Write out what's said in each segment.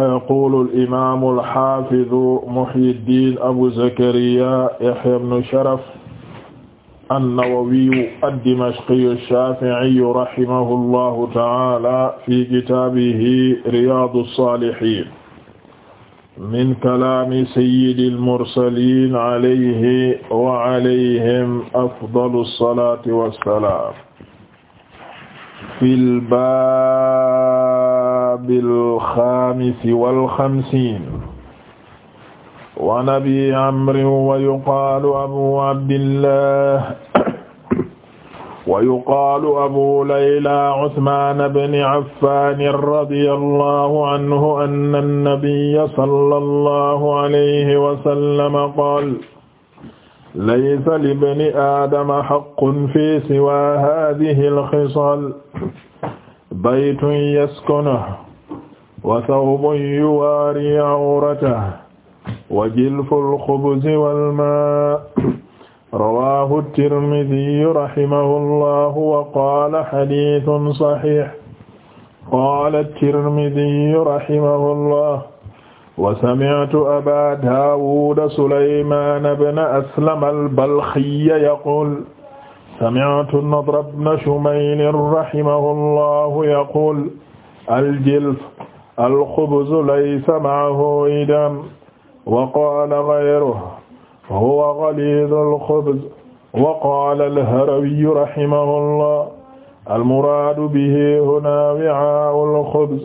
yaqulu al-imaamu al-haafidu Muhyiddin Abu Zakariya Yahya ibn Sharaf an-Nawawiyu ad-Dimashqiyu ash-Shaafi'iyu rahimahullahu ta'aala fi kitaabihi Riyaadu as-Saalihiin min kalaami sayyidil mursaliin alayhi wa alayhim afdalu as-salaati was-salaam fil baab bil xaamisi wal xamsiin wa an abi amrin wa yuqaalu abu abdillah wa yuqaalu abu layla usmaan bni affaan radiyallahu anhu anna nabiyya sallallahu alayhi wa sallam qaala laysa libni aadama haqqun fii siwaa haadihil xisaal baytun yaskunuhu wa sawbun yuwaari awratahu wa jilful xubzi wal maa rawaahu tirmidii rahimahullahu wa qaala xadiisun saxiix qaala tirmidii rahimahullah wa sami'tu abaa daawuda sulaymaana bna aslam albalxiyya yaquul sami'tu nadra bna shumayl rahimahullahu yaquul aljilf alxubzu laysa maahu idam wa qaala gayruhu huwa galiizu alxubz wa qaala alharawiyu rahimahullah almuraadu bihi huna wi'aa'u alxubz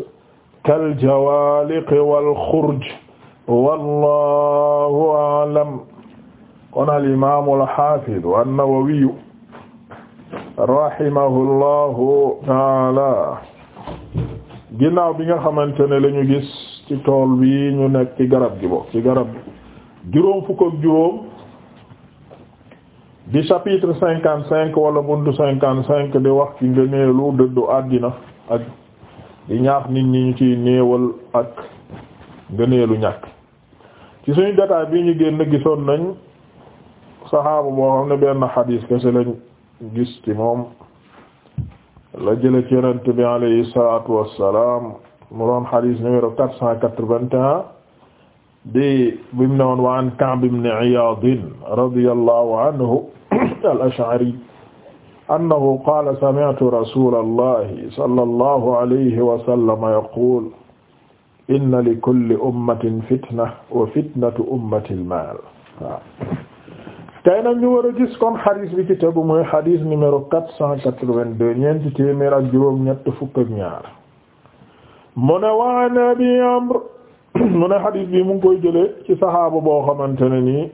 kaljawaaliqi walxurj wallaahu a'lam kon alimaamu alxaafidu annawawiyu rahimahullahu ta'aala ginnaaw bi nga xamante ne la gis ci tool bi ñu nekk ci garab gi bo ci garab juróom fukk ak juróom di chapitre cinquante cinq wala buntu cinquante cinq di wax ci ngëneelu dëddu àddina ak di ñaax nit ñi ñu ciy néewal ak ngëneelu ñàkk ci suñu jotaay bi ñu génn gisoon nañ saxaaba boo xam ne benn xadiis kese lañ gis ci moom la jële ci yonent bi alayhi salaatu wassalaam mu doon xadiis numéro quatre cent quatre-vingt-un di bimu ne woon wa an Ka'b ibn Iyaad radiyallahu anhu al-Ash'ari annahu qaala sami'tu rasuulallahi sallallahu alayhi wa sallam yaquulu inna likulli ummatin fitnatan wa fitnatu ummati al-maal tey nag ñu war a gis kon xadis bi ci tegu mooy xadis numéro quatre cent quatre-vingt-deux ñeenti téeméer ak juróom ñett fukk ak ñaar mu ne waan abi amr mu ne xadis bi mu ngi koy jëlee ci saxaaba boo xamante ne nii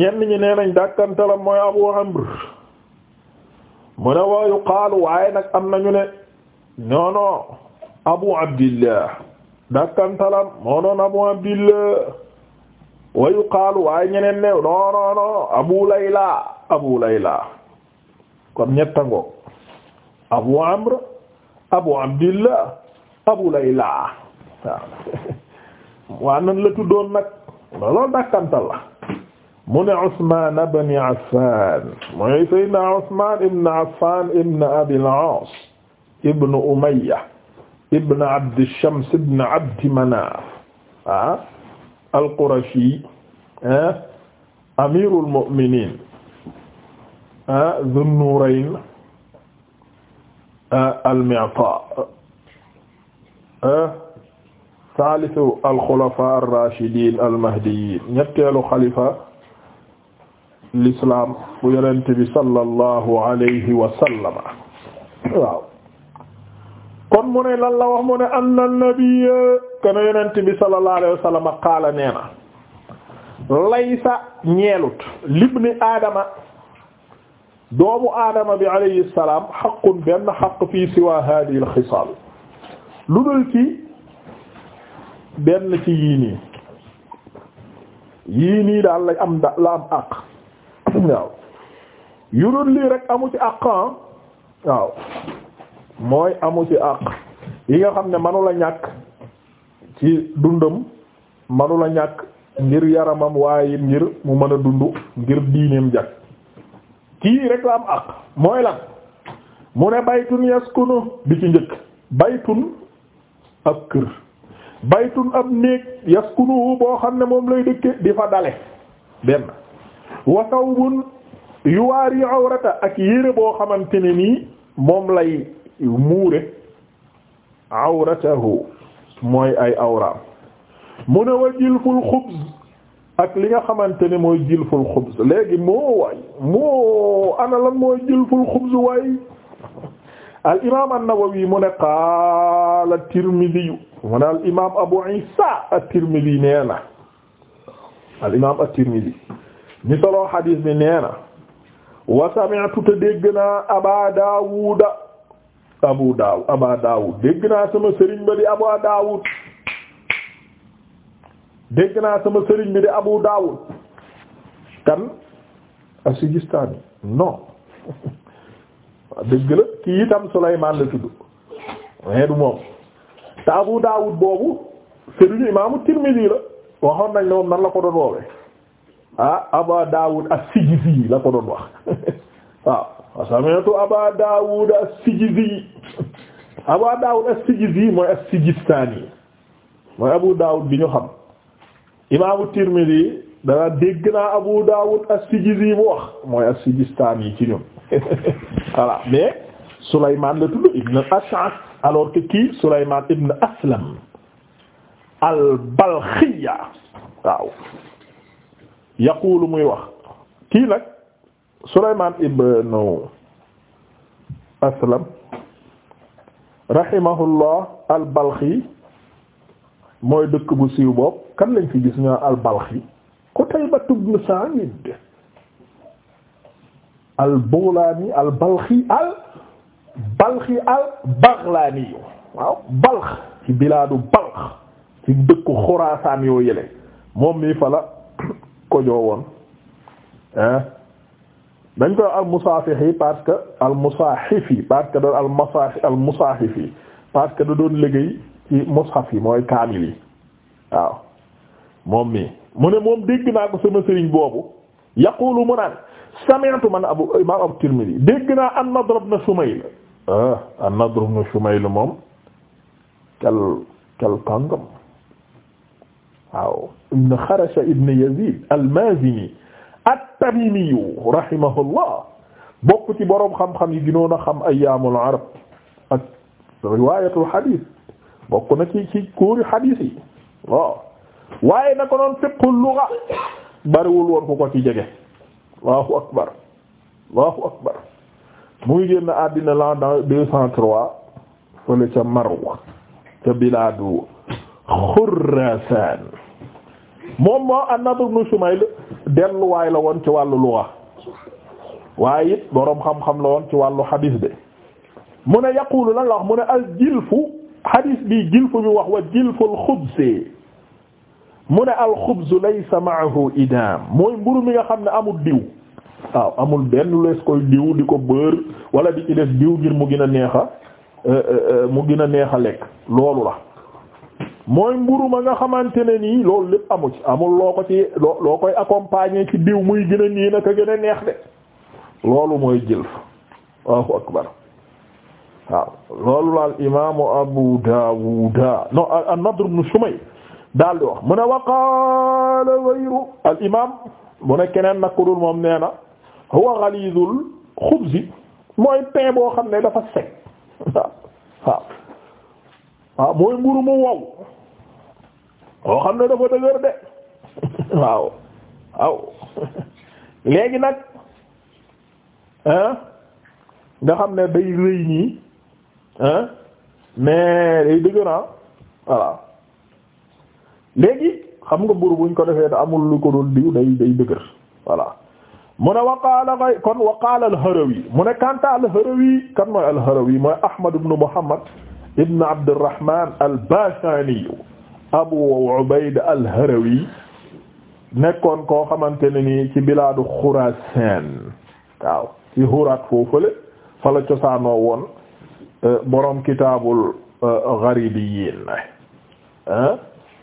ñenn ñi nee nañ dàkkantalam mooy abu amr mu ne wa yuqaalu waaye nag am nañu ne non non abu abdillah dàkkantalam moo doon abu abdillah wa yuqaalu waaye ñeneen ne non non non abu layla abu abu amr abu abdillah abu layla waa nan la tuddoon nag loolu dàkkantal la mu ne Usmaan ibn Affaan mooy Seydina Usmaan ibn Affaan ibn Abil Aas ibn Umayya ibn Abdi Shams ibn Abdi Manaaf al-Qurashi amirul mu'minin Dhun-Nurayn al-Mi'ta saalisu al-khulafa ar-rashidin al-mahdiyyin ñetteelu xalifa l'islam bu yonent bi sallallahu alayhi wa sallam waaw kon mu ne lan la wax mu ne anna nabiyya kana yonent bi sallallahu alayhi wa sallam qaala nee laysa ñeelut libni aadama doomu aadama bi alayhi salaam xaqun benn xaq fii siwa hadihi al lu dul ci benn ci yii nii daal la am da la am àq waaw yu dul lii rek amu ci àq ah. waaw mooy amu ci àq yi nga xam ne manu la ñàkk ci dundam manula ñàkk ngir yaramam waaye ngir mu mën a dund ngir diineem jag kii rek la am ak mooy lan mu ne baytun yaskunu bi ci njëkk baytun ab kër baytun ab néeg yaskunu boo xam ne moom lay dëkke di fa dale benn wasawbun yuwaari awrata ak yére boo xamante ne nii moom lay muure awratahu mooy ay awraam mu ne wa jilful xubz ak li nga xamante ne mooy jilful xubz léegi moo waay moo ana lan mooy jilful xubz waay al imaam an-Nawawi mu ne qaala at-Tirmidhi mu ne al imaam Abu Isa at-Tirmidhi nee na al imaam at-Tirmidhi ñi soloo xadiis bi nee na wa sami'tu te dégg naa Aba Daawuda abu daaw aba daawud dégg naa sama sëriñ ba di abu daawud dégg naa sama sëriñ bi di abu daawud kan asigistaani non dégg la kii itam sulaymaan la tudd mais du moom te abu daawud boobu sëriñu imaamu tirmidi la waxoon nañ la ko doon woowe ah abu daawud as-sijizi la ko doon wax waaw sami'tu Aba Daawud as-Sijizi Aba Daawud as-Sijizi mooy as-Sijistani mooy Abu Daawud bi ñu xam imaamu Tirmidhi dana dégg naa Abu Daawud as-Sijizi mu wax mooy as-Sijistani ci ñun voilà mais Souleymane la tudd ibn al alors que kii Souleymane ibn Aslam al-Balkhiya waaw yaqulu muy wax kii nag. Sulaymaan ibnu Aslam rahimahullah al-Balxi mooy dëkk bu siiw boobu kan lañ fi gis ñoo al-Balxi Qutayba ibnu Sa'iid al-Bulaani al-Balxi al-Balxi al-Baglaani waaw Balx ci bilaadu Balx ci dëkku Xuraasaan yoo yële moom mii fa la ko joowoon dañ koy al musaafihi parce que al musaahifi parce que doon al musaah al musaahifi parce que da mooy kaamil yi waaw moom mii mu ne moom dégg naa ko sama sëriñ boobu yaqulu mu naan man abu imam abu tirmidhi dégg naa an-Nadr ibn Shumayl ah an-Nadr ibn Shumayl moom kel kel kàngam ibn Yazid al-Mazini at-Tamimi bokk ci boroom xam-xam yi gënoon xam ayyaamul arab ak riwaayatul xadiis bokk na ci ci kóori xadiis yi waaw waaye na lugha bariwul woon ku ko ci jege allahu akbar allahu akbar mu ngi génn àddina l'an deux cent trois fële ca Marw ca bilaadu Xurasaan moom moo an-Nadr ibn Shumayl delluwaay la woon ci wàllu luwa waaye it boroom xam-xam la woon ci wàllu xadiis bi mu ne yaqulu lan la wax mu ne al jilfu xadiis bi jilfu bi wax wa jilful xubsi mu ne al xubsu laysa ma'ahu idam mooy mburu mi nga xam ne amul diw waaw amul benn lees koy diw di ko bër wala di ci def diw ngir mu gën a neex a euh, euh, euh, mu gën a neex a lekk loolu la mooy mburu ma nga xamante ne nii loolu lépp amu ci amul loo ko ci loo koy accompagner ci diw muy gën a nii a gën a neex de loolu mooy jël Allahu akbar waaw loolu laal imaamu Abu Daawuda no an-Nadr ibn Shumayl daal di wax mu ne wa qaala ghayru al imaam mu ne keneen nag ku moom nee na huwa ghaliizul xubzi mooy pain boo xam ne dafa sec waaw waaw waaw ah, mooy mburu mu wow moo xam ne dafa dëgër de waaw waaw léegi nag nga xam ne day rëy nii mais day dëgër ah léegi xam nga mburu buñ ko defee da amul lu ko doon diw day day dëgër voilà mu ne waqaala ngay kon waqaala al-Harawi mu ne kanta al-Harawi kan mooy al mooy Ahmad ibn Muhammad ibn Abdurrahman al-Bashani Abu Ubayd al-Harawi nekkoon koo xamante ne nii ci bilaadu Xuraasaan waaw ci Huraat foofule fa la cosaanoo woon eh, borom kitaabul eh, Gharibiyyin eh,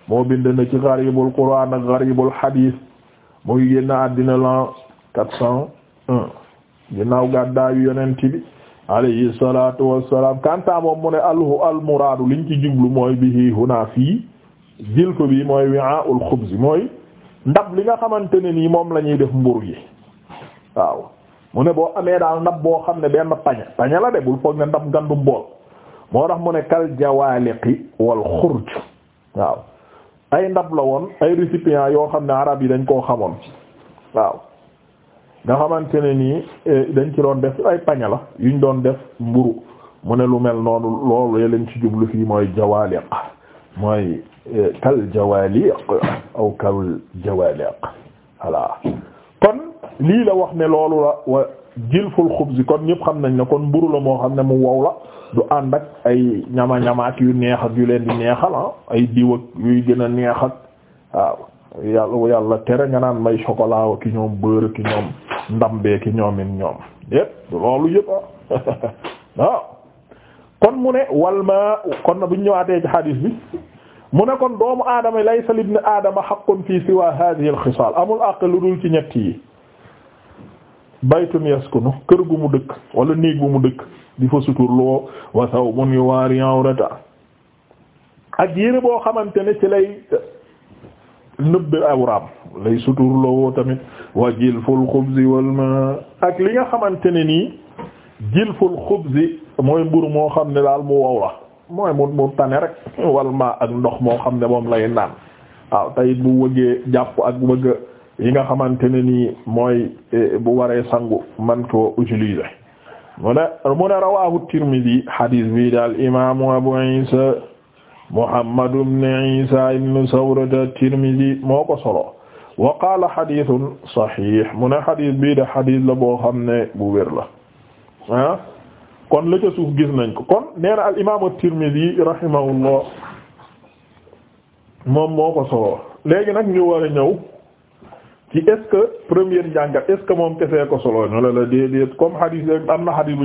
moo bind ci Gharibul Qur'aan ak Gharibul Hadiis muy génn àddina lan quatre ginnaaw gàddaayu yonent bi alayhi salatu wassalam kanta moom mu ne alhu almuraadu liñ ci jublu mooy bihi huna fii jil bi mooy wi'a'ul xubzi mooy ndab li nga xamante ne nii moom lañuy def mburu yi waaw mu ne boo amee daal ndab boo xam ne benn pañe pañe la de bul foog ne ndab ngandum bool moo tax mu ne kal jawaaliqi wal xurj waaw ay ndab la woon ay récipient yoo xam ne arab yi dañ koo xamoon waaw nga xamante nii eh, dañ ci doon def ay paña la yuñ doon def mburu mu ne lu mel noonu loolu ya leen ci jublu fii mooy jawaaliq mooy eh, kal jawaaliq aw kon lii la wax ne loolu la wa jilful xubzi kon ñépp xam nañ ne kon mburu la moo xam ne mu wow la du ànd ak ay ñama ñamaak yu neex yu leen di neexal ah ay diw ak yuy gën a neex ak waaw yàlla tere nga naan may chocolat ki ñoom beurre ki ñoom ndam beeki ñoomin ñoom yépp loolu yëpp ah. ah. kon mu ne wal kon na buñ ñëwaatee ci hadis bi mu ne kon doomu aadama laysa libni aadama haqqun fi siwa hadhihi al xisaal amul àq lu dul ci ñett yi baytun yaskunu kër gu mu dëkk wala néeg bu mu dëkk di fa suturloo wa thawbun yuwaari awrata ak yére boo xamante ne ci lay nëbbe awraam lay suturloo tamit wa jilful xubzi wal ma ak li nga xamante ne nii jilful xubzi mooy mburu moo xam ne daal mu wow la mooy mu mu tane rek wal ma ak ndox moo xam ne moom lay naan waaw tey bu wëggee jàpp ak bëgg yi nga xamante ne nii mooy e, bu waree sangu man koo utiliser mu ne mu ne rawahu Tirmidhi hadis bi daal imaamu Abu Isa Muhammad ibn Isa ibn Sawra at-Tirmidhi moo ko solo wa qaala xadiisun saxiix mu ne xadiis bii de xadiis la boo xam ne bu wér la ah? kon la ca gis nañ ko kon nee na al imaam at-Tirmidhi moom moo ko solo léegi nag ñu war ñëw. ci est-ce que première njàngat moom kese ko solo ñu la la déedéet comme hadith am na hadith bu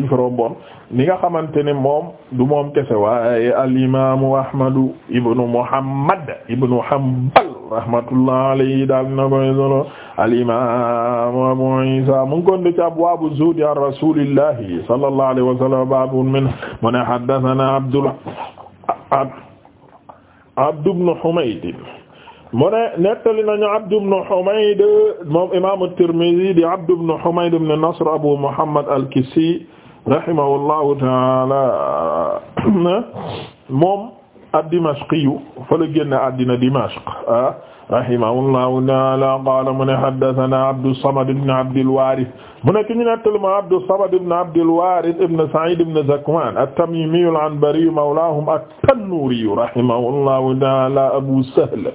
ni nga xamante ne moom du moom kese waaye al imaamu ahmadu ibnu muhammad ibnu hanbal rahmatullah alayhi daal na koy solo al imaamu abu isa di ci abwaabu zuhdi an rasuulillahi sallallahu alayhi min mu ne haddathana abdul abdu ibnu mu ne nettali nañu Abd ibn Humayd moom imaamu Tirmidhi di Abd ibn Humayd ibn Nasr Abu Muhammad al-Kissi rahimahullahu ta'ala moom ad-Dimashqiyu fa la génn àddina Dimashq rahimahullahu ta'ala qaala mu ne haddathana Abdus Samad ibn Abdil Warith mu ne ki ñu nettali ma Abdus Samad ibn Abdil Warith ibn Sa'id ibn Zakwan at-Tamimiyu al-Anbariyu mawlahum at-Tannuriyu rahimahullahu ta'ala Abu Sahl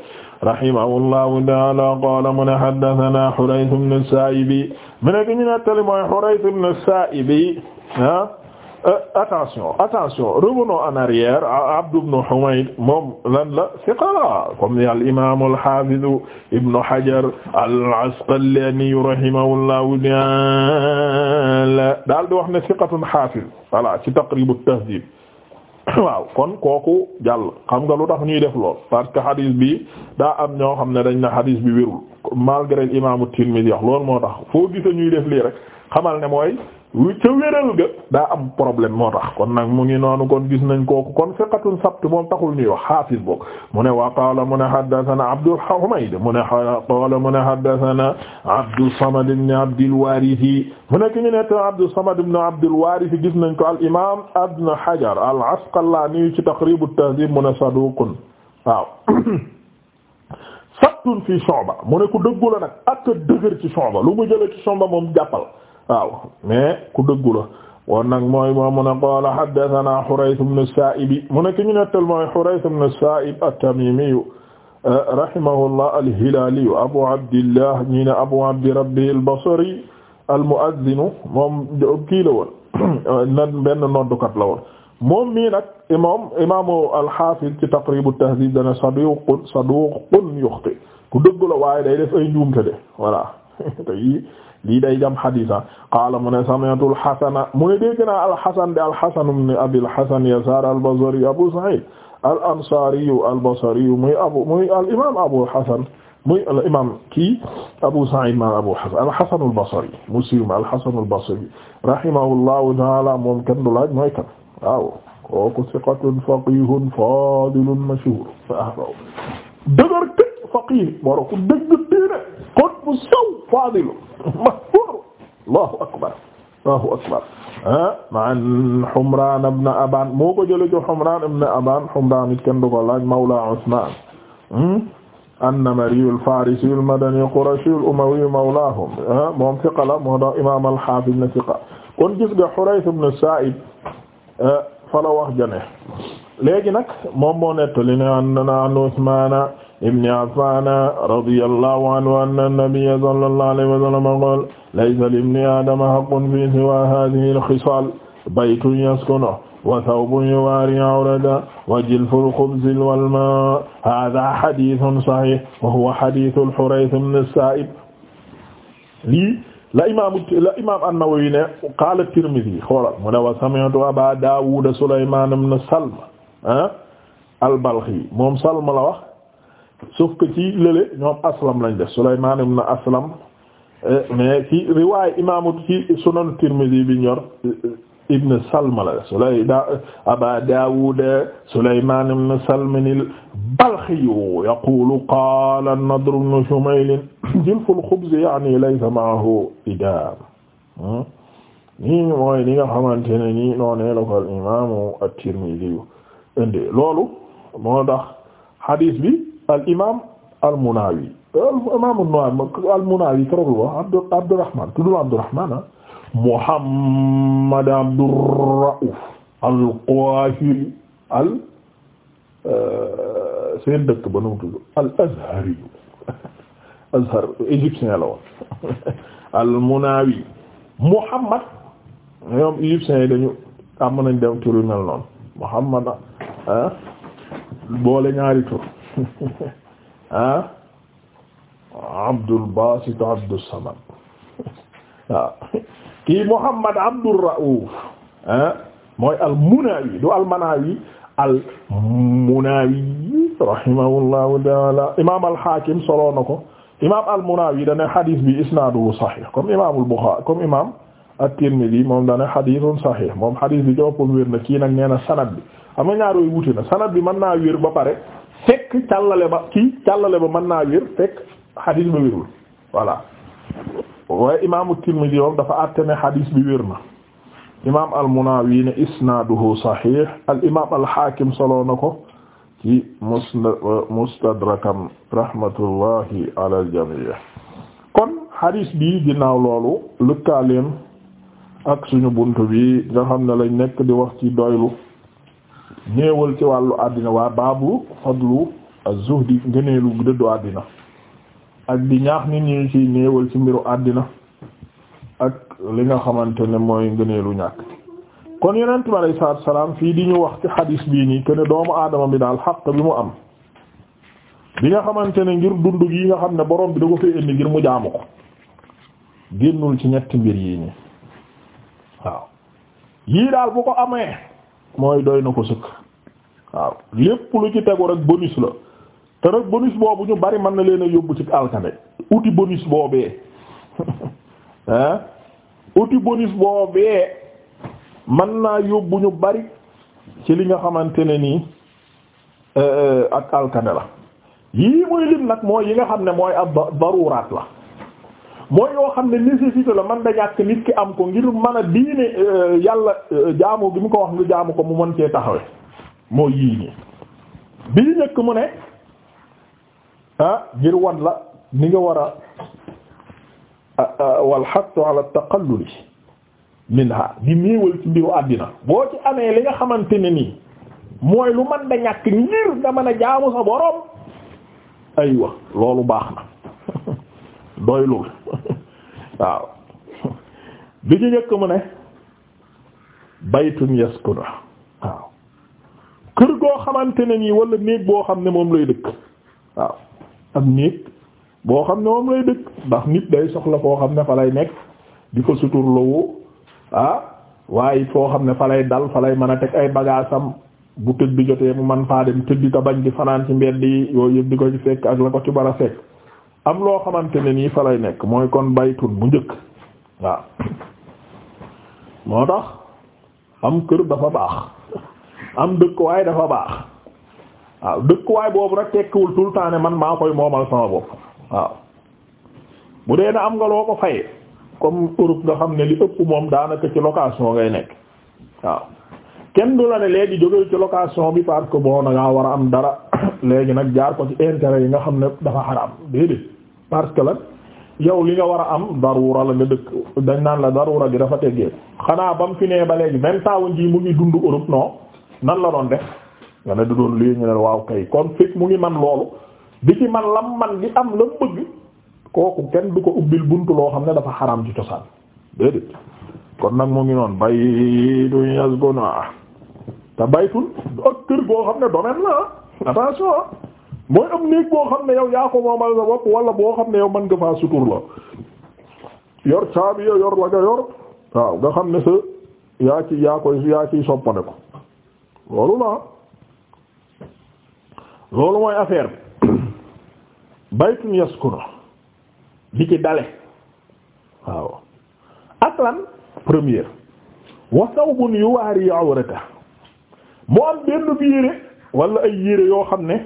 rahimahullahu ta'ala qala mu ne haddathana Hurayth ibn as-Sa'ibi mu ne ki ñu nettali mooy Hurayth ibn as-Sa'ibi ah euh, attention attention revenons en arrière Abd ibn Humayd moom lan la thiqa comme al-imam al-hafiz Ibn Hajar al-Asqalani rahimahullahu ta'ala daal di wax ne thiqatun hafiz voilà ci Taqrib at-Tahdhib waaw kon kooku jàll xam nga lu tax ñuy def lool parce que hadis bi daa am ñoo xam ne dañ na hadis bi wérul malgré imaamu Tirmidhi wax loolu moo tax foo gisa ñuy def lii rek xamal ne mooy ca wéral ga daa am problème moo tax kon nag mu ngi noonu ko gis nañ kooku kon fiqatun sabt moom taxul ñuy wax xaafis boog mu ne wa qaala mu ne haddathana Abdul Humayd mu ne qaala mu ne Samad ibn Abdil Warith mu ne ki gis nañ ko al imam Ibn Hajar al Asqalani ci Taqrib at-Tahdhib mu ne saduqun fi Shu'ba mu ne ku dëggu la ak dëgër ci Shu'ba lu mu jëlee ci Shu'ba moom jàppal waaw mais ku dëggu la woon nag mooy moom mu ne qaala haddathana Hurayth ibn as-Sa'ib mu ne ki ñu nettal mooy Hurayth ibn as-Sa'ib at-Tamimi rahimahullah al-Hilali Abu Abdillah ñi ne Abu Abdi Rabbi al-Basri al-mu'adhdhin moom kii la woon nan benn noddukat la woon moom mii nag imaam imaamu al-Hafiz ci Taqrib at-Tahdhib dana saduqun saduqun yukhti ku dëggu la waaye day def ay njuumte de voilà te yii lii day jam xadisa ah. qaala mu ne sami'tu al-Hasan mu ne dégg naa al-Hasan de al-Hasan ibn Abi al-Hasan Yasaar al-Basri Abu Sa'id al-Ansari al-Basri muy abu muy al-imaam Abu Hasan muy al-imaam kii Abu Sa'id ma Abu Hasan al-Hasan al-Basri Muslim al-Hasan al-Basri rahimahullahu ta'ala moom kenn du laaj mooy kan waaw kooku siqatun faqihun fadilun mashhur faqih waro ku dëgg diine xot bu saw fadilu mahfur allahu akbar allahu akbar ah, ma'an Humran ibn Aban moo ko jële ci Humran ibn Aban Humran it kenn du ko laaj mawla Usman hmm? an-Namari al-Farisi al-Madani al-Qurashi al-Umawi mawlahum ah, moom thiqa la moo tax imam al-Hafiz na thiqa kon gis nga Hurayth ibn Sa'id ah, fala wax jane léegi nag moom moo nettali ne an Usman ibn Affan radiyallahu anhu anna nabiyya sallallahu alayhi wa sallam qaala laysa li ibni aadama haqqun fii siwaa haadihi al-xisaal baytun yaskunuhu wa thawbun yuwaarii awratahu wa jilful xubzi wal maa' haadaa hadiisun sahiih wa huwa hadiisu al-Hurayth ibn as-Saa'ib lii la imaam la imaam an-Nawawi ne qaala at-Tirmidhi xoolal mu ne wa sami'tu Abaa Daawuud Sulaymaan ibn Salma ah al-Balkhi moom Salma la wax sauf que ci lële ñoom aslam lañ def Sulaymaan ibn aslam eh, mais ci riwaay imaamu ci sunan Tirmidhi bi ñor eh, ibn Salma la Sulay da Aba Daawud Sulaymaan ibn Salmin al-Balkhi yaqulu qaala an-Nadr ibn Shumayl jilfu al-khubz ya'ni laysa ma'ahu idaam hmm? nii mooy ni nga xamante ne nii noonee la ko al imaamu at-Tirmidhi indi loolu moo tax hadith bi al imaam al Munawi imaam al Munawi keroog wax Abdu Abdurrahman tuddul Abdurrahman ah Muhammad Abdurrauf al Qahiri al euh, seen dëkk ba nu mu al Azhari Azhar égyptien la al Munawi Muhammad ñoom égyptiens yi am nañ dem tur mel noonu Muhammad ah, boole ñaari tur. ah Abdul Basit Abdul Samad kii Muhammad Abdul Rauf ah mooy al Munawi du al Manawi al Munawi rahimahullahu ta'ala imaam al Hakim solo ko imaam al Munawi da ne hadith bi isnaaduhu sahih comme imaamul Bukhari comme imaam at-Tirmidhi moom da ne hadithun moom hadith bi jokkoo wér na kii nag nee sanad bi am na ñaar na sanad bi mën naa wér ba pare. fekk càllale ba kii càllale ba mën naa wér fekk xadiis ba wérul voilà waaye imaamu Tirmidi moom dafa àtte ne xadiis bi wér na imaam al-Munawi ne isnaaduhu saxiix al imaam al-Xaakim solo na ko ci mustadrakam rahmatullahi ala al-jamii kon xadiis bi ginnaaw loolu lëkkaaleem ak suñu bunt bi nga xam ne lañ nekk di wax ci doylu ñeewal ci wàllu àddina waa baabu fadlu az-zuhdi ngëneelu dëddu àddina ak di ñaax nit ñi ci ñeewal ci mbiru àddina ak li nga xamante ne mooy ngëneelu ñàkk kon yonent bi salaam fii di ñu wax ci xadiis bii nii que ne doomu aadama bi daal xaq bi mu am bi nga xamante ne ngir dund gi nga xam ne borom bi da ko fee indi ngir mu jaamu ko génnul ci ñetti mbir yii nii waaw yii daal bu ko amee. mooy doy na ko sëkk waaw lépp lu ci tegu rek bonus la te nag bonus boobu ñu bari mën na leen a yóbbu ci alkande uti bonus boobee ah uti bonus boobee mën naa yóbbu ñu bari ci li nga xamante ne nii euh, euh, ak alkande la yii mooy lim nag mooy yi nga xam ne mooy ab daruraat la mooy yoo xam ne nécessité la man da ñàkk nit ki am ko ngir mën a diine euh, yàlla euh, jaamu gi mu ko wax nga jaamu ko mu mën cee taxawe mooy yii nii bi ñu mu ne ah ngir wan la ni nga war a wal hattu ala taqalluli minha di néewal ci mbiru àddina boo ci amee li nga xamante ne nii mooy lu man da ñàkk ngir nga mën a jaamu sa boroom aywa loolu baax na doylul waaw bi ñu njëkk mu ne baytun yaskunu waaw kër goo xamante ne nii walla néeg boo xam ne moom lay dëkk waaw ak néeg boo xam ne moom lay dëkk ndax nit day soxla foo xam ne fa lay nekk di ko suturloo ah waaye foo xam ne fa lay dal fa lay mën a teg ay bagaasam bu tëdd jotee mu man faa dem tëdd te bañ di fanaan ci mbedd yi yooyu yëpp di ko fekk ak la ko ci bara fekk am loo xamante ne nii fa lay nekk mooy kon baytun bu njëkk waaw moo tax am kër dafa baax am dëkkuwaay dafa baax waaw dëkkuwaay boobu rek tekkiwul tout le temps ne man maa koy moomal sama bopp waaw bu dee ne am nga loo ko fayee comme Europe nga xam ne li ëpp moom daanaka ci location ngay nekk waaw kenn du la ne léegi jógee ci location bi parce que bon da ngaa war a am dara léegi nag jaar ko ci intérêt yi nga xam ne dafa xaraam déedéet parce que lan yow li nga war a am darura la nga dëkk dañ naan la darura gi dafa teggee xanaa ba mu fi nee ba léegi même taawuñ ji mu ngi dund Europe non nan la doon def nga ne da doon lii ne waaw kay kon fekk mu ngi man loolu di ci man lam man gi am lam bëgg kooku kenn du ko ubbil buntu loo xam ne dafa xaram di cosaan déedéet kon nag mu ngi noonu baytu yasguna te baytul ak kër goo xam ne domaine la attention mooy am néeg boo xam ne yow yaa ko moomal sa bopp wala boo xam ne yow mën nga faa sutur la yor caabi yor la nga yor waaw nga xam ne sa yaa ci yaa koy yaa ciy soppane ko loolu la loolu mooy affaire bi baytun yaskunu li ci dale waaw ak lan première wa thawbun yuwaari awrata mu am benn bi yére wala ay yére yoo xam ne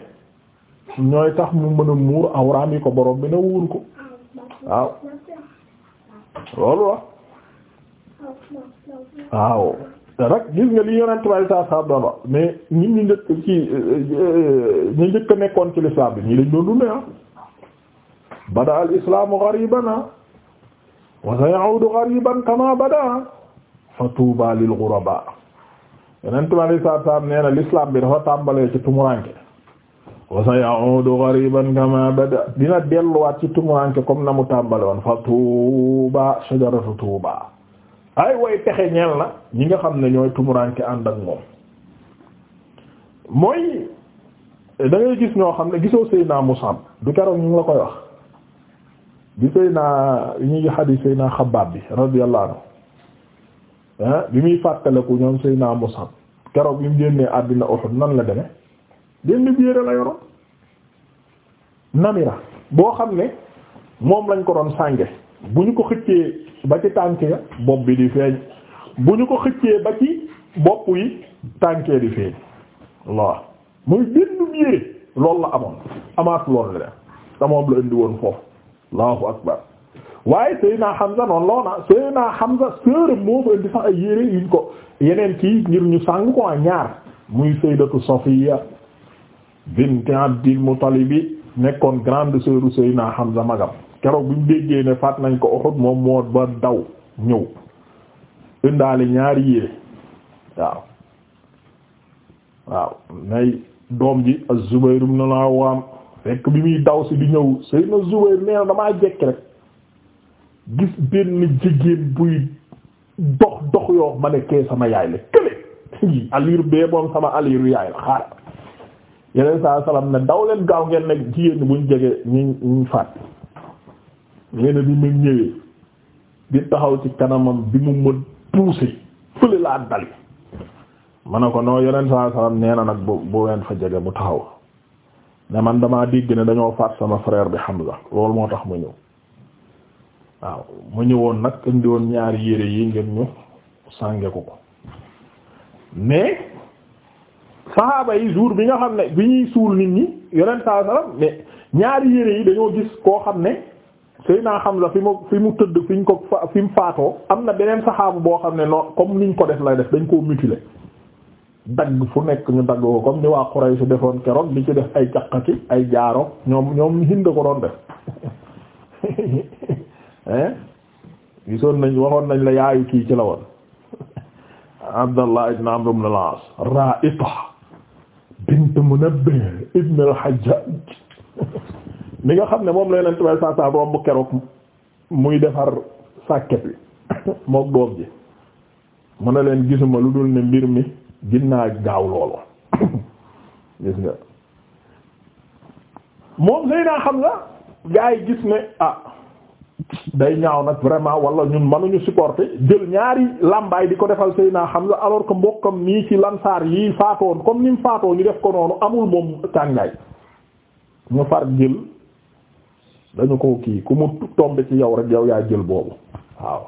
ñooy tax mu mën muur awraam ko borom bi ne wuur ko waaw loolu wax waaw te nag gis nga li yonent bi saa saa doon wax mais nit ñi njëkk ci ñu njëkk nekkoon ci lislaam bi ñii dañ doon dundee ah bada al islaamu ghariban ah. wa sayaudu ghariban kama bada ah. fa tuuba lil ghuraba bi saa saa nee na lislaam bi dafa tàmbalee ci tumuranke wa sayaudu ghariban kama bada dina delluwaat ci tumuranke comme na mu tàmbale woon fa tuuba shajaratu tuuba ay way pexe ñeel na ñi nga xam ne ñooy tumuranke ànd ak moom mooy da gis ñoo xam ne gisoo Seydina Musab du keroog ñu ngi la koy wax bi Seydina ñu ngi xadiis bi radiyallahu anhu ah, bi muy fàttaleku ñoom Seydina keroog bi mu génnee àddina Uhud nan la deme benn biére la yoroon namira boo xam ne moom lañ ko doon sànge bu ñu ko xëccee ba ci tànk bopp bi di feeñ bu ñu ko xëccee ba ci bopp yi tànkee di feeñ waaw muy benn biére loolu la amoon amaatul woon leneen te moom la indi woon foofu allahu akbar waaye Seyna Hamza noonu loona ah. Seyna Hamza sœur moo fa indi sax ay yére yuñ ko yeneen kii ngir ñu sàng ko ah, ñaar muy Sayyidatu Safiya bint Abdil Muttalib nekkoon grande sœur Seydina Hamza magam keroog bi mu déggee ne faat nañ ko Uhud moom moo ba daw ñëw indaale ñaari yére waaw waaw nay doom ji az-Zubayr ibn al-Awwam fekk bi muy daw si di ñëw Seydina Zubayr nee na damaa jekk rek gis benn jigéen buy dox dox yoo ma ne sama yaay la kële allure bee moom sama allure yaay la xaar yeneen saa salaam ne daw leen gaaw ngeen ne ci yéen buñ jege ñu ñu faat nee na bi mu ñëwee di taxaw ci kanamam bi mu ma tuuse fële laa dali ma ne ko non yeneen saa salaam nee na nag bu bu leen fa jege mu taxaw ne man damaa dégg ne dañoo faat sama frère bi xam Hamza loolu moo tax ma ñëw waaw mu ñëwoon nag indi woon ñaari yére yi ngeen ñu sànge ko ko saxaaba yi jour bi nga xam ne bi ñuy suul nit ñi yonent saa salaam mais ñaari yére yi dañoo gis koo xam ne Seydina Hamza fi mu fi mu tëdd fi ñu ko fi mu faatoo am na beneen saxaabu boo xam ne noonu comme niñ ko def lay def dañ koo mutilé dagg fu nekk ñu dagg ko comme ni waa Quraysh su defoon keroog li ci def ay caqati ay jaaro ñoom ñoom Hind ko doon def hein gisoon nañ waxoon nañ la yaayu kii ci la woon Abdallah ibn Amr ibn al-As bint Munabbih ibn al-Hajjaj mi nga xam ne moom la yeneen tubaab saa saa romb keroog muy defar sàkket wi mook doom ji mu ne leen gisuma lu dul ne mbir mi gin naa gaaw loolu gis nga moom Seydina Hamza gaa yi gis ne ah day ñaaw nag vraiment wala ñun mënuñu supporter jël ñaari làmbaay di ko defal xam Hamza alors que mbokkam nii ci lansaar yi faatoon comme ni mu faatoo ñu def ko noonu amul moom tàngaay ñu far jël dañu ko kii ku mu tombe ci yow rek yow yaa jël boobu waaw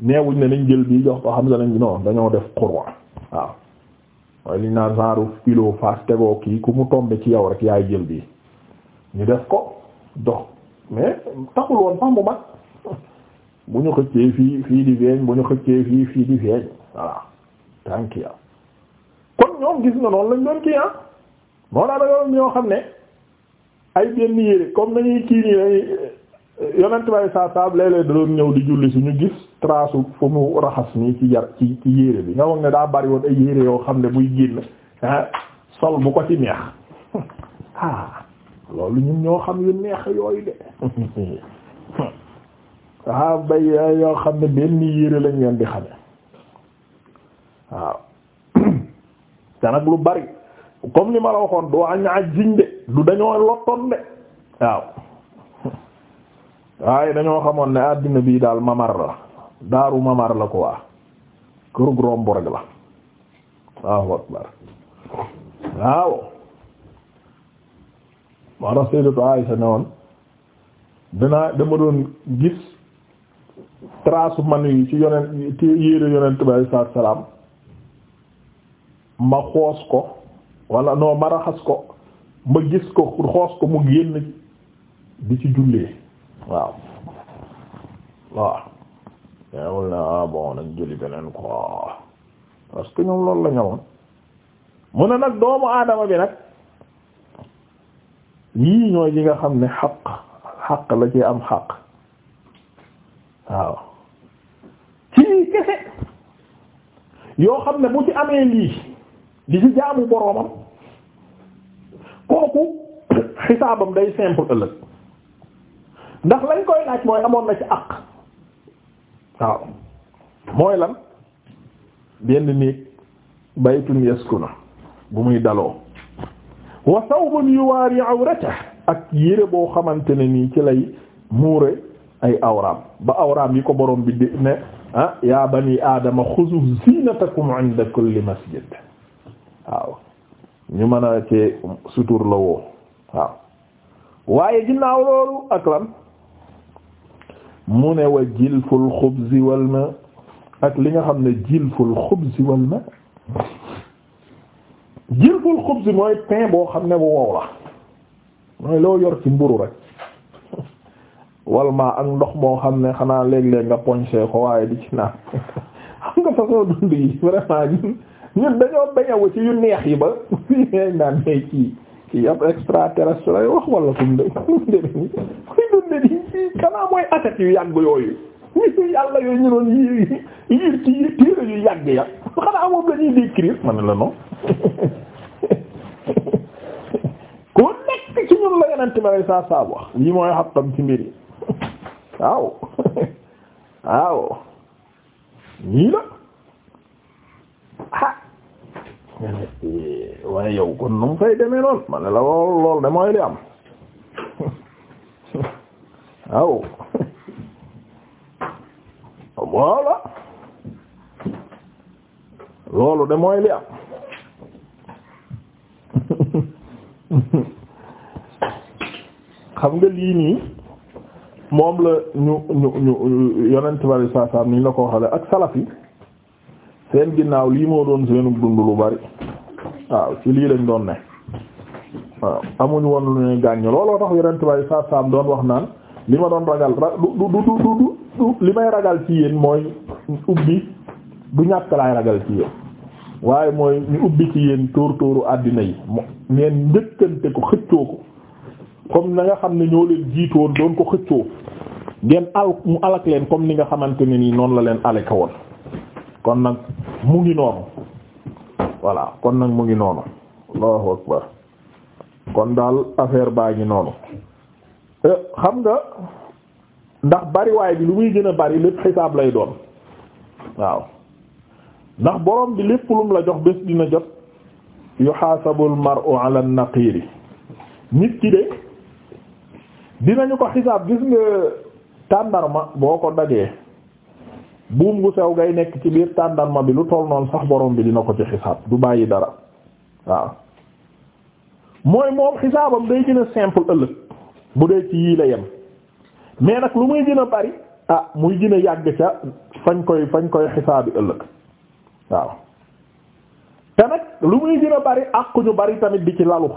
ne nañ jël bii jox ko Hamza nañ non dañoo def xurwa waaw waaye liñ naa genre kilo fas mu tombe ci yow rek yaay jël bii ñu def ko dox mais taxul woon sax bu ñu xëccee fii fii di feeñ bu ñu xëccee fii fii di feeñ voilà tànk ya kon ñoom gis nga noonu lañ doon kii ah moo daa daga ñoo xam ne ay benn yére comme nañuy kii nii ay yonent bay saa saab léeg-léeg da doon ñëw di julli suñu gis trasu fu mu raxas nii ci yar ci ci yére bi nga wax ne daa bari woon ay yére yoo xam ne buy génn ah, sol bu ko ci neex ah. loolu ñun ñoo xam yu neex yooyu de ah bay yoo xam ne benn yére lañ leen di xame waaw te lu bari comme ni ma la waxoon doo añ aj jiñ de du dañoo lottoon de waaw waaye dañoo xamoon ne àddina bii daal mamar la daaru mamar la ko waa kërug romb rek la waaw waaw moo tax Sayyidatu Aisha ne woon dinaa dama doon gis trace manu yi ci yonent ci yére yonent bi alayhi salaam ma xoos ko wala noo ma raxas ko ma gis ko xoos ko mu génn di ci jullee waaw waaw ñewul ne ah bon nañ jëli beneen quoi parce que ñoom loolu la ñawoon mu ne nag doomu aadama bi nag yii ñooy yi nga xam ne xaq xaq la ci am xaq waaw ci kese yoo xam ne bu ci amee lii di ci jaamu boroomam kooku xisaabam day simple ëllëg ndax lañ koy laaj mooy amoon na ci àq waaw mooy lan benn néeg baytun yaskuna bu muy daloo wa thawbun yuwaari awrata ak yére boo xamante ne nii ci lay muure ay awraam ba awraam yi ko borom bi di ne ah yaa bani aadama xuzu zinatakum inda kulli masjid waaw ñu mën a ci sutur la woo waaw waaye ginnaaw loolu ak mu ne wa jilful xubzi wal ma ak li nga xam ne jilful xubzi wal ma jirful xubsi mooy pain boo xam ne bu wow la mooy loo yor ci mburu rek wal ma ak ndox moo xam ne xanaa léeg-léeg nga poñsee ko waaye di ci naan nga façon dund yi vraiment ñun dañoo bañawu ci yu neex yi ba fii neeñ naan ne kii kii ab extraterrestre lay wax wala tum de um deni kuy dunde di ci xanaa mooy aset yu yàgg yooyu ñu yàlla yooyu ñu doon yi yiir ci téere yu yàgg ya xanaa moom la décrire man la non ci ñun la yeneen tiberay saa saabu wax yi mooy xam-xam ci mbir yi waaw waaw nii la ah waaye kon nu fay demee noonu ma la lool lool de mooy am waaw voilà loolu de mooy am xam nga lii nii moom la ñu ñu ñu yonent bari saa ni ñu la ko waxale ak salaf seen ginnaaw lii moo doon seenu dund lu bari waaw ci lii lañ doon ne waaw amuñu woon lu ñuy gàññ looloo tax yonent bari saa doon wax naan li ma doon ragal du du du du du li may ragal ci yéen mooy ubbi du ñàkk laay ragal ci yéen waaye mooy ñu ubbi ci yéen tóor tóoru àddina yi mo ngeen njëkkante ko xëccoo ko comme na nga xam ne ñoo leen jiitoon doon ko xëccoo ngeen al mu alak leen comme ni nga xamante ne nii noonu la leen alaka woon kon nag mu ngi noonu voilà kon nag mu ngi noonu allahu akbar kon daal affaire baa ngi noonu eh, xam nga ndax bariwaay bi lu muy gën a bari lépp xisaab lay doon waaw ndax borom bi lépp lum la jox bés dina jot yuhaasabul mar'u ala an-naqiri nit ki de dinañu ko xisaab gis nga tàndarma boo ko dagee buum gu sew ngay nekk ci biir tàndarma bi lu toll noonu sax borom bi dina ko ci xisaab du bàyyi dara waaw mooy moom xisaabam day gën a simple ëllëg bu dee ci yii la yem mais nag lu muy gën a bari ah muy gën a yàgg ca fañ koy fañ koy xisaabi ëllëg waaw te nag lu muy gën a bari àqu ñu bari tamit di ci lalu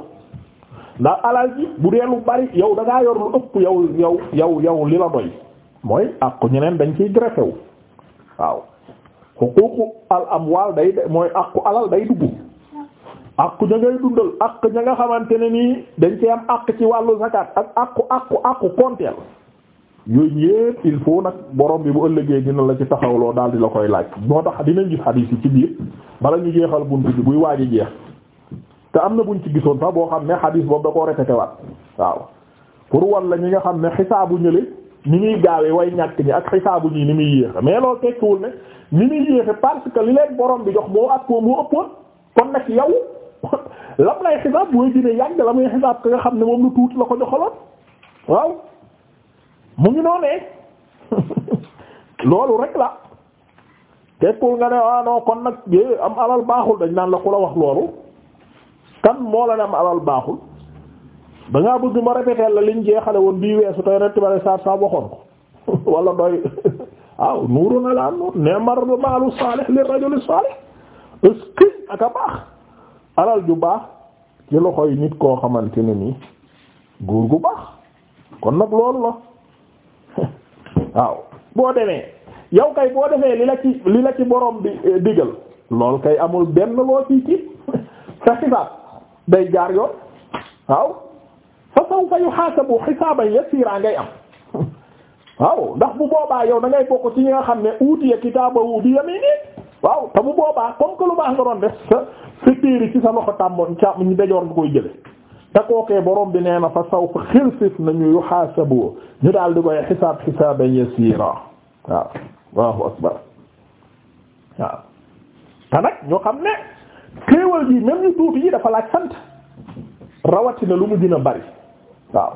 ndax alal ji bu dee lu bari yow dangaa yor lu ëpp yow yow yow yow li la doy mooy àqu ñeneen dañ ciy greffé wu waaw xuquuqu al amwaal day mooy àqu alal day dugg àqu ña ngay dundal àqu ña nga xamante ne nii dañ ci am àq ci wàllu zakat ak àqu àqu àqu konteel yooyu yépp il nag borom bi bu ëllëgee dina la ci taxawloo daal di la koy laaj moo tax dinañ gis xadiis yi ci biir bala ñu jeexal bunt bi buy waaj a jeex te am na buñ ci gisoon sax boo xam ne xadiis boobu da koo répété waat waaw pour walla ñi nga xam ne xisaabu ñële ñu ñuy gaawee way ñàkk ñi ak xisaabu ñii ni muy yéexe mais loolu tekkiwul ne ni muy yéexe parce que li leen borom bi jox moo at ko moo ëppoon kon nag yow lam lay xisaab booy dina yàgg la muy xisaab ka nga xam ne moom lu tuuti la ko joxaloon waaw mu ngi noonee loolu rek la tekkiwul nga ne ah non kon nag am alal baaxul dañ naan la ku la wax loolu. kan moo la dem alal baaxul da ngaa ma répéter la liñ jeexale woon bii weesu tey rek tubaab saab saab waxoon ko wala doy waaw nuuru na laa nuur ne mar maalu saalih li rajul saalih est ak a baax alal ju baax ci loxoy nit koo xamante ne nii góor gu baax kon nag loolu la waaw boo demee yow kay boo defee li la ci li borom bi eh, digal loolu kay amul benn loo ciy ci sa xibaar day jaar yoon waaw fa sawfa yuhasabu xisaaban yasiira ngay am waaw ndax bu boobaa yow da ngay bokk ci ñi nga xam ne uutiya kitaabahu bi yamini waaw te bu boobaa comme que lu baax nga doon def sa sa téere ci sa loxo tàmmoon ca ñu dajoor nga koy jële te kookee borom bi nee na fa sawfa xilsif nañu yuhasabu ñu daal di koy xisaab xisaaban yasiira waaw Allahu akbar waaw te nag ñoo xam ne xéewal gi même ñu tuuti yi dafa laaj sant rawatina lu mu gën a bari waaw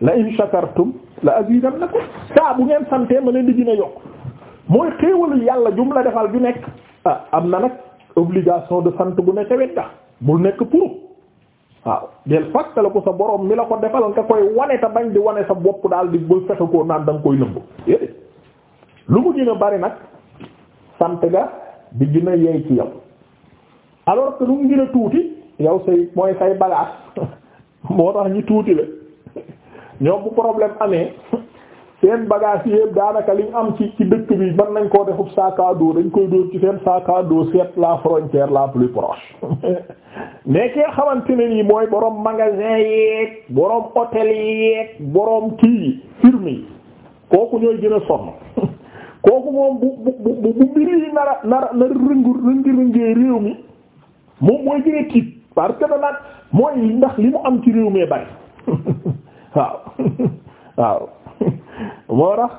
la in shakartum la azidannakum saa bu ngeen santee ma leen di gën a yokk mooy xéewalu yàlla jum la defal ju nekk ah am na nag obligation de sant bu nekk wet ga bul nekk pour waaw del fàttale ko sa borom mi la ko defal nga koy wane te bañ di wane sa bopp daal di bul fexe koo naan da nga koy nëbb lu mu gën a bari nag sant ga di gën a yeey ci yow alors que lu mu gën a tuuti yow say mooy say bagaas moo tax ñu tuuti la ñoom bu problème amee seen bagages yëpp daanaka liñ am ci ci dëkk bi mën nañ koo defu sac à dos dañ koy dóor ci seen sac à dos seet la frontière la plus proche mais ki nga xamante nii mooy boroom magasin yeeg borom hôtel yeeg borom kii firme yi kooku ñooy gën a sonn kooku moom bu bu bu bu mbir yi nar a rëngee réew mi. moom mooy gën a tiit parce que danaan mooy ndax li mu am ci réew mee bari waaw waaw moo tax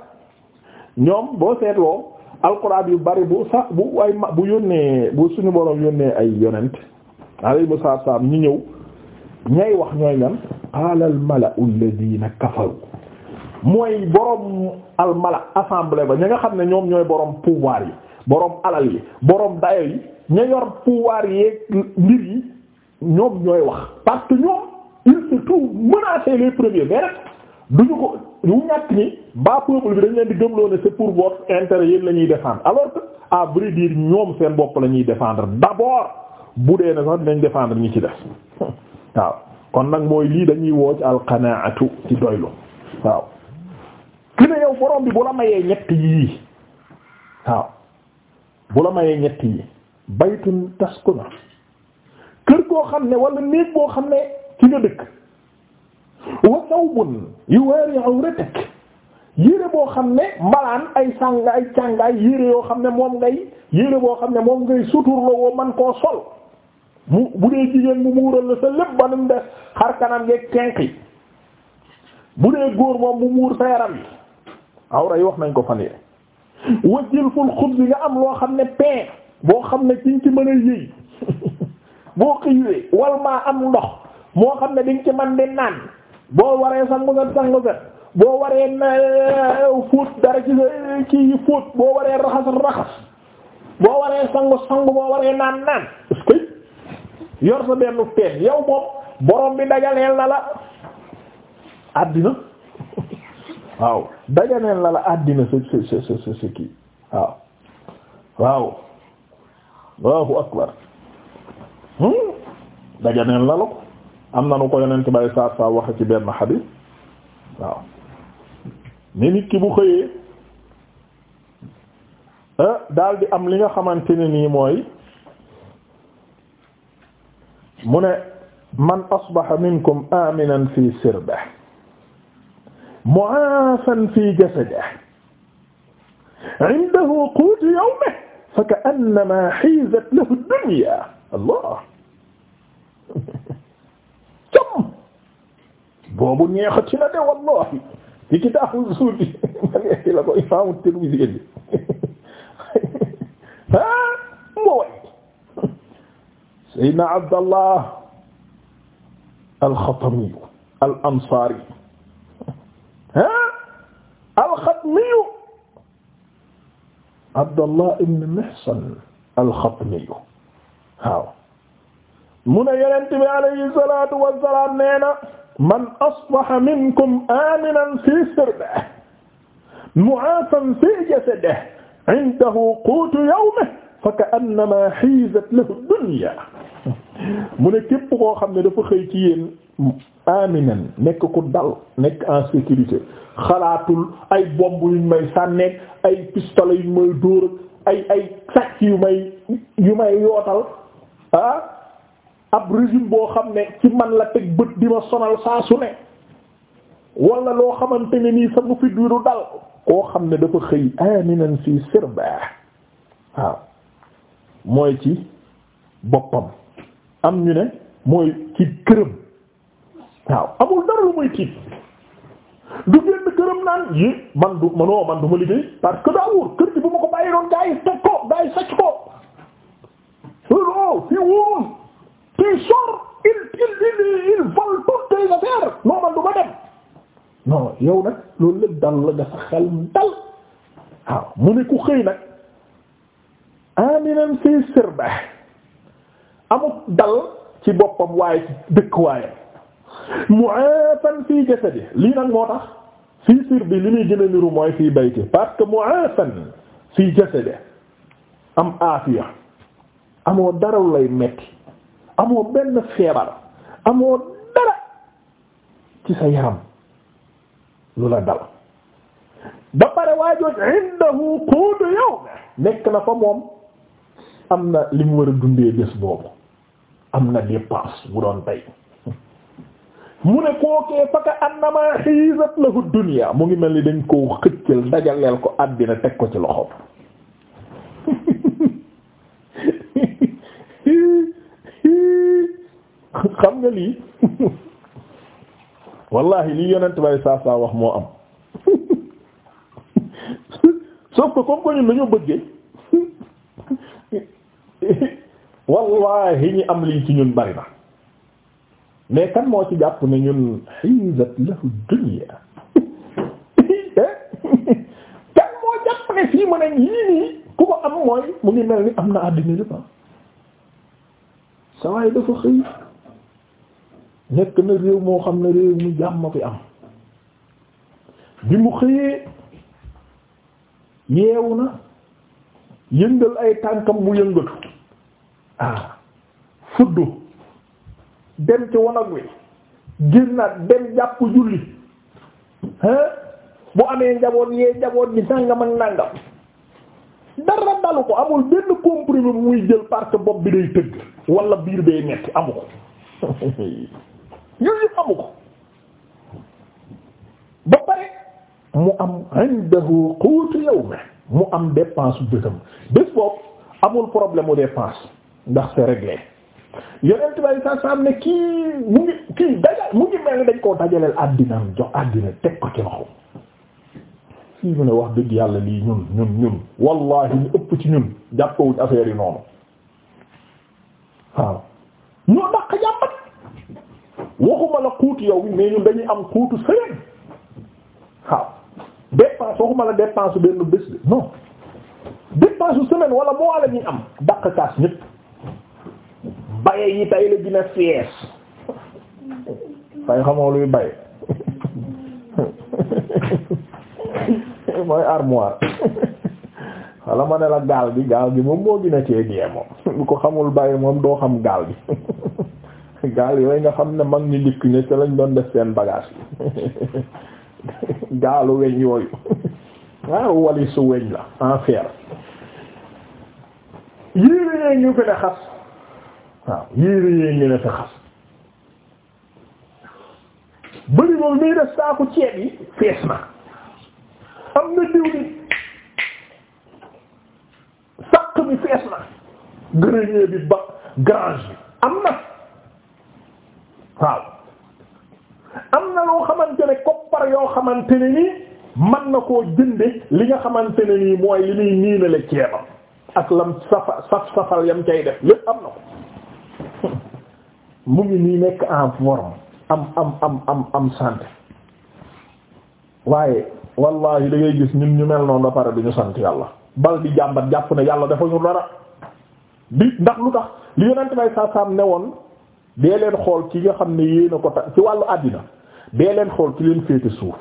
ñoom boo seetloo alxuraan yu bari bu sax bu ay ma bu yónnee bu suñu boroom yónnee ay yonent alayhimu salaam ñu ñëw ñay wax ñooy lan qaala al mala'u alladhina kafaru mooy boroom al mala assemblée ba ñi nga xam ne ñoom ñooy boroom pouvoir yi borom alal yi borom dayo yi ña yor pouvoir yeeg mbir yi ñoom ñooy wax parce que ñoom il se trouve menacé les premiers mais rek duñu ko ñu ñàkk ni ba peuple bi dañ leen di gëmloo ne pour votre intérêt yéen la ñuy défendre alors que à vrai dire ñoom seen bopp la defender défendre d'abord bu dee ne sax dinañ défendre ñi ci def waaw kon nag mooy lii dañuy woo ci alqanaatu ci doylu waaw ki ne yow borom bi bu la mayee ñett yii waaw bu la mayee ñett yi baytun taskuna kër goo xam ne wala néeg boo xam ne ci nga dëkk yére boo xam ne mbalaan ay sàng ay càngaay yére yoo xam ne moom ngay yére boo xam ne moom ngay suturloo woo man koo sol mu bu dee jigéen mu muural la sa lépp ba nu def xar kanam yeeg tenq yi bu dee góor moom mu muur sa yaram yi awra yi wax nañ ko fan yee wajjil ful xubs nga am loo xam ne pain boo xam ne ci nga ci mën a yëy boo xëywee wal maa am ndox moo xam ne di nga ci man di naan boo waree sangu set sangu set boo waree na euh, fóot dara ci ci fóot boo waree raxas raxas boo waree sangu sangu boo waree naan naan est-ce que yor sa benn teen yow moom borom bi dajaleel na la àddina waaw daganeel na la àddina sa sa sa sa kii waaw waaw Allahu akbar hmm? daganeel na la ko am na nu ko yonent bay saar saa waxe ci benn xadiis waaw ne nit ki bu xëyee ah, daal di am li nga xamante ne nii mooy mu ne man asbaha minkum aminan fi sirbihi mu'aafan fi jasadihi indahu quutu yawmihi faka-annamaa hiizat lahu ad-dunyaa Allah cam boobu neexati na de wallahi ci kitaabu Zuhd bi la ko Imaam Tirmidhi indi ah mooy Seydina Abdallah al-Khatami al-Ansaari alxatmiyu abdallah ibn mihsan alxatmiyu waaw mu ne yonent bi alayhi salaatu wassalaam nee na man asbaha minkum aminan fi sirbihi mu'aafan fi jasadihi indahu quutu yawmihi fakaannamaa hiizat lahu dunya mu ne képp koo xam ne dafa xëy ci yéen aminan nekk ku dal nekk en sécurité xalaatul ay bomb yuñ may sànneeg ay pistolet yuñ may dóor ay ay sàcc yu may yu may yootal ah ab régime boo xam ne ci man la teg bët di ma sonal saa su ne wala loo xamante ne nii sama fit wi du dal koo xam ne dafa xëy aminan fii sirba waaw mooy ci boppam am ñu ne mooy ci këram waaw amul dara lu muy tiit du génn këram naan yi man du manoo man du ma liggéey parce que daa wóor kër gi bu ma ko bàyyi doon gaa yi ko gaa yi sàcc ko hello oh, fii wóorul fii sor il il il il vole toutes les affaires non man du dem non yow nag loolu lépp dal la nga sa xel dal waaw mu ne ku xëy nag aminan fii sirba amut dal ci boppam waaye ci dëkk waaye mu'afan fii jasadi lii nag moo tax fii sir li muy gën a niru mooy fii bayti parce que mu'afan fii jasadi am aafiya amoo dara lu lay metti amoo benn feebar amoo dara ci sa yaram lu la dal ba pare waa jooj indahu quutu nekk na fa moom am na li mu war a dundee bés boobu am na dépense bu doon tey mu ne kookee faka annama xiisat lahu dunya mu ngi mel ni dañ koo xëccal dajaleel ko àddina teg ko ci loxoom xam nga lii wallahi lii yonent bay saa saa wax moo am sauf que comme ñun dañoo bëggee wallahi ñi am lii ci ñun bari na mais kan moo ci jàpp ne ñun xiizat lahu dunya kan moo jàpp ne fii mën a yii nii ku ko am mooy mu ngi mel ni am na àddina lépp ah. sa waaye dafa xëy nekk na réew moo xam ne réew mu jàmm fi am bi mu xëyee yeewu na yëngal ay tànkam mu yëngatu ah fuddu dem ci wanag wi génnaat dem jàpp julli hein bu amee njaboot yee njaboot bi nàngam ak nàngam dara dalu ko amul benn comprimé muy jël parce que bopp bi day tëgg wala biir bee metti amu ko yooyu amu ko ba pare mu am indahu quutu yawmi mu am dépense bëtam bés boobu amul problème mu ndax c'est réglé yonent bay sa sam ne kii mu ngi kii daja mu ngi mel ni dañ koo dajaleel addinam jox àddina teg ko ci loxo fii mu ne wax dëgg yàlla lii ñun ñun ñun wallahi ñu ëpp ci ñun jàppawuñ affaire yi noonu waaw ñoo daq jàppat waxuma la xuutu yow mais ñun dañuy am xuutu sëriñ waaw dépense waxuma la dépense benn bés de non dépense semaine wala boo ala ñuy am daq kaas ñépp baye yi tay la gën a fees xamoo luy baye mooy armoire xala ma ne la gaal bi gaal gi moom moo gën a moom lu ko xamul baye moom doo xam gaal bi gaal yooyu nga xam ne mag ñu njëkk ña ca lañ doon def seen bagage yi gaalu weñ yooyu waaw ah, wali weñ la en yii ñu gën a xas waaw yéere yéeg ñu ne fi xas bëri moom def saaku ceeb yi fees na am na diw bi bi fees na grenier bi ba grange bi am na waaw am na loo xamante koppar yoo xamante ne nii mën na koo jënde li nga xamante ne nii mooy li muy niinale ceebam ak lam safa saf safal yam cay def lépp am na ko mu ngi nii nekk en forme am am am am am santé waaye wallahi da ngay gis ñun ñu mel noonu ba pare du ñu sant yàlla bal di jàmbat jàpp na yàlla dafa ñu dara bi ndax lu tax li yonent bay saasaam ne woon dee leen xool ci nga xam ne yéen a ko ta ci wàllu àddina bee leen xool ci leen féete suuf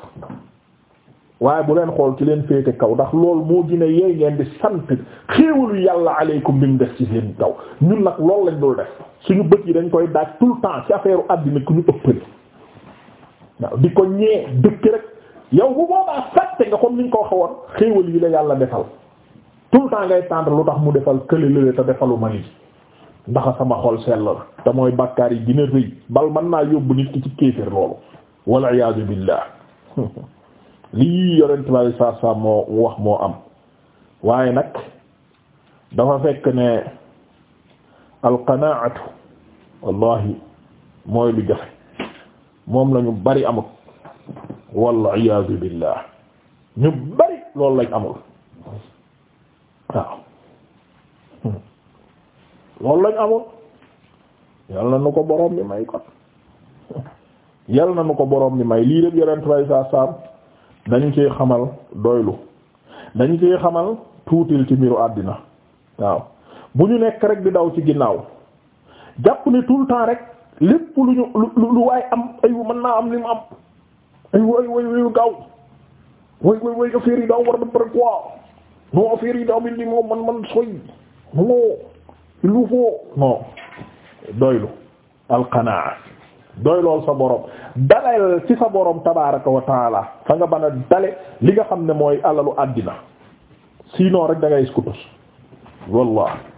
waaye bu leen xool ci leen féete kaw ndax loolu moo gën a yeey ngeen di sant xéewalu yàlla aleykum bi mu def ci seen kaw ñun nag loolu lañ dul def suñu bët yi dañ koy daaj tout temps ci affaire àddina ku ñu ëppale waaw di ko ñee dëkk rek yow bu boobaa fàtte nga comme niñ ko waxee woon xéewal yi la yàlla defal tout le temps ngay tendre lu tax mu defal kële lële te defalu ma lii ndax sama xol sell la te mooy bàkkaar yi dina rëy bal mën naa yóbbu nit ki ci kéefër loolu wal lii yonent bi saa saa moo wax moo am waaye nag dafa fekk ne alqanaatu wallahi mooy lu jafe moom lañu bari amul wal iyaazu billah ñu bari loolu lañ amul waaw loolu lañ amul yal na nu ko borom bi may kon yal na nu ko borom bi may lii def yonent bi saa saa dañu ci xamal doylu dañu ci xamal tuutil ci mbiru àddina waaw bu ñu nekk rek di daw ci ginnaaw jàpp ne tout le temps rek lépp lu ñu lu lu waay am ayu mën naa am li mu am ayu way way wayu gaaw way way way affaire yi daaw war de pourquoi non affaire yi daaw bi li moom man man soy non il faut non doylu alqanaa doy lool sa borom dalal ci sa borom tabaaraka wa taala fa nga mën dale li nga xam ne mooy alalu àddina sinon rek da ngay skutus wallah